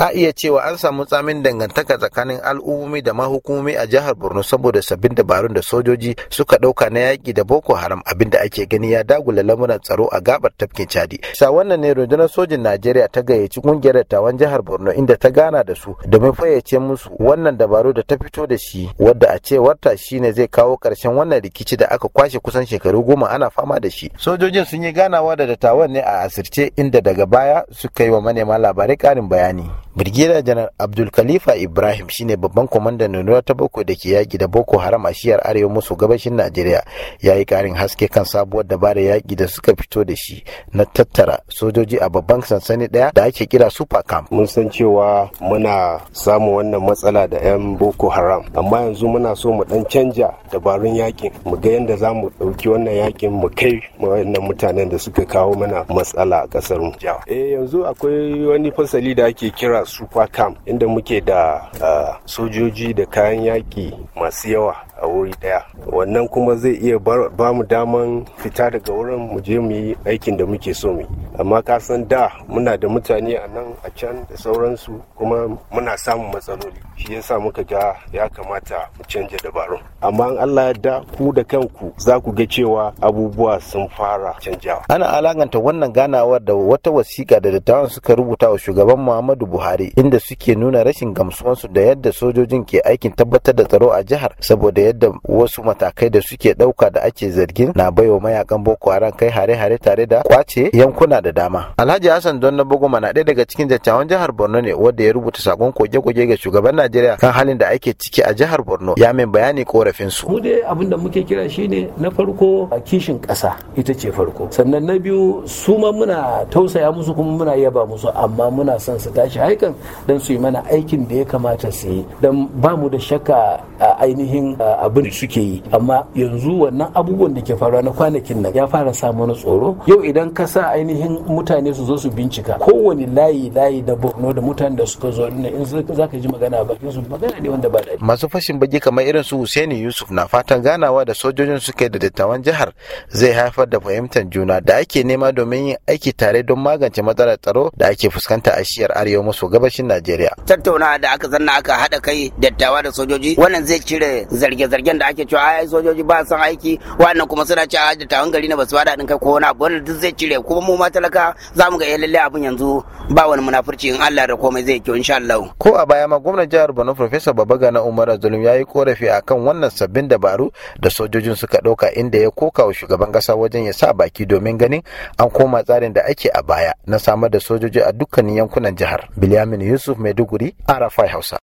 a iya cewa an samu tsamin dangantaka tsakanin al'ummomi da mahukumomi a jihar borno saboda sabbin dabarun da sojoji suka ɗauka na yaƙi da boko haram abinda ake gani ya dagula lamuran tsaro a gabar tafkin chadi sa wannan ne rundunar sojin najeriya ta gayyaci kungiyar dattawan jihar borno inda ta gana da su domin fayyace musu wannan dabaru da ta fito da shi wadda a cewarta shine zai kawo ƙarshen wannan rikici da aka kwashe kusan shekaru goma ana fama da shi sojojin sun yi ganawa da dattawan ne a asirce inda daga baya suka yi wa manema labarai ƙarin bayani Birgida Janar Abdul Khalifa Ibrahim shine babban kwamandan nuna ta boko da ke yaƙi da Boko Haram a shiyar arewa maso gabashin Najeriya ya yi ƙarin haske kan sabuwar dabarar yaƙi da suka fito da shi na tattara sojoji a babban sansani ɗaya da ake kira Super Camp. Mun san cewa muna samun wannan matsala da 'yan Boko Haram amma yanzu muna so mu ɗan canja dabarun yaƙin mu ga yadda za mu ɗauki wannan yaƙin mu kai wannan mutanen da suka kawo mana matsala a ƙasar mu. Eh yanzu akwai wani fasali da ake kira super camp inda muke da ah, sojoji da kayan yaƙi masu yawa a wuri daya wannan kuma zai iya ba mu daman fita daga wurin mu je mu yi aikin da muke so mu amma ka san da muna da mutane a nan a can da sauransu kuma muna samun matsaloli shi yasa muka ga ya kamata mu canja dabarun amma in Allah ya da ku da kanku za ku ga cewa abubuwa sun fara canjawa ana alakanta wannan ganawar da wata wasiƙa da dattawan suka rubuta wa shugaban Muhammadu Buhari inda suke nuna rashin gamsuwansu da yadda sojojin ke aikin tabbatar da tsaro a jihar saboda yadda wasu matakai da suke dauka da ake zargin na baiwa mayakan Boko Haram kai hare-hare tare da kwace yankuna da dama. Alhaji Hassan Don na bugu mana ɗaya daga cikin dattawan jihar Borno ne wanda ya rubuta sakon koge-koge ga shugaban Najeriya kan halin da ake ciki a jihar Borno ya min bayani korafin su. Mu dai abin da muke kira shine na farko a kishin ƙasa ita ce farko. Sannan na biyu su ma muna tausaya musu kuma muna yaba musu amma muna son su tashi haikan don su yi mana aikin da ya kamata su yi don ba mu da shakka a ainihin abin da suke yi amma yanzu wannan abubuwan da ke faruwa na kwanakin nan ya fara sa mana tsoro yau idan ka sa ainihin mutane su zo su bincika kowane layi layi da borno da mutanen da suka zo ne in za ka ji magana ba su magana ne wanda ba daɗi. masu fashin baki kamar irin su husaini Yusuf na fatan ganawa da sojojin suke da dattawan jihar zai haifar da fahimtar juna da ake nema domin yin aiki tare don magance matsalar tsaro da ake fuskanta a shiyar arewa maso gabashin Najeriya. Tattaunawa da aka zanna aka haɗa kai dattawa da sojoji wannan zai cire zarge zargen da ake cewa ai sojoji ba son aiki wannan kuma suna cewa da tawon gari na basu bada din kai ko wani abu wannan duk zai cire kuma mu ma talaka za mu ga ya eh, lalle abin yanzu ba wani munafurci in Allah da komai zai kyau insha Allah ko a baya ma gwamnan jihar Borno Professor na Umar Zulum yayi korafi akan wannan sabbin dabaru da sojojin suka dauka inda ya koka wa shugaban kasa wajen ya sa baki domin ganin an koma tsarin da ake a baya na samar da sojoji a dukkanin yankunan jihar. Bilyamin Yusuf Maiduguri, Arafai Hausa.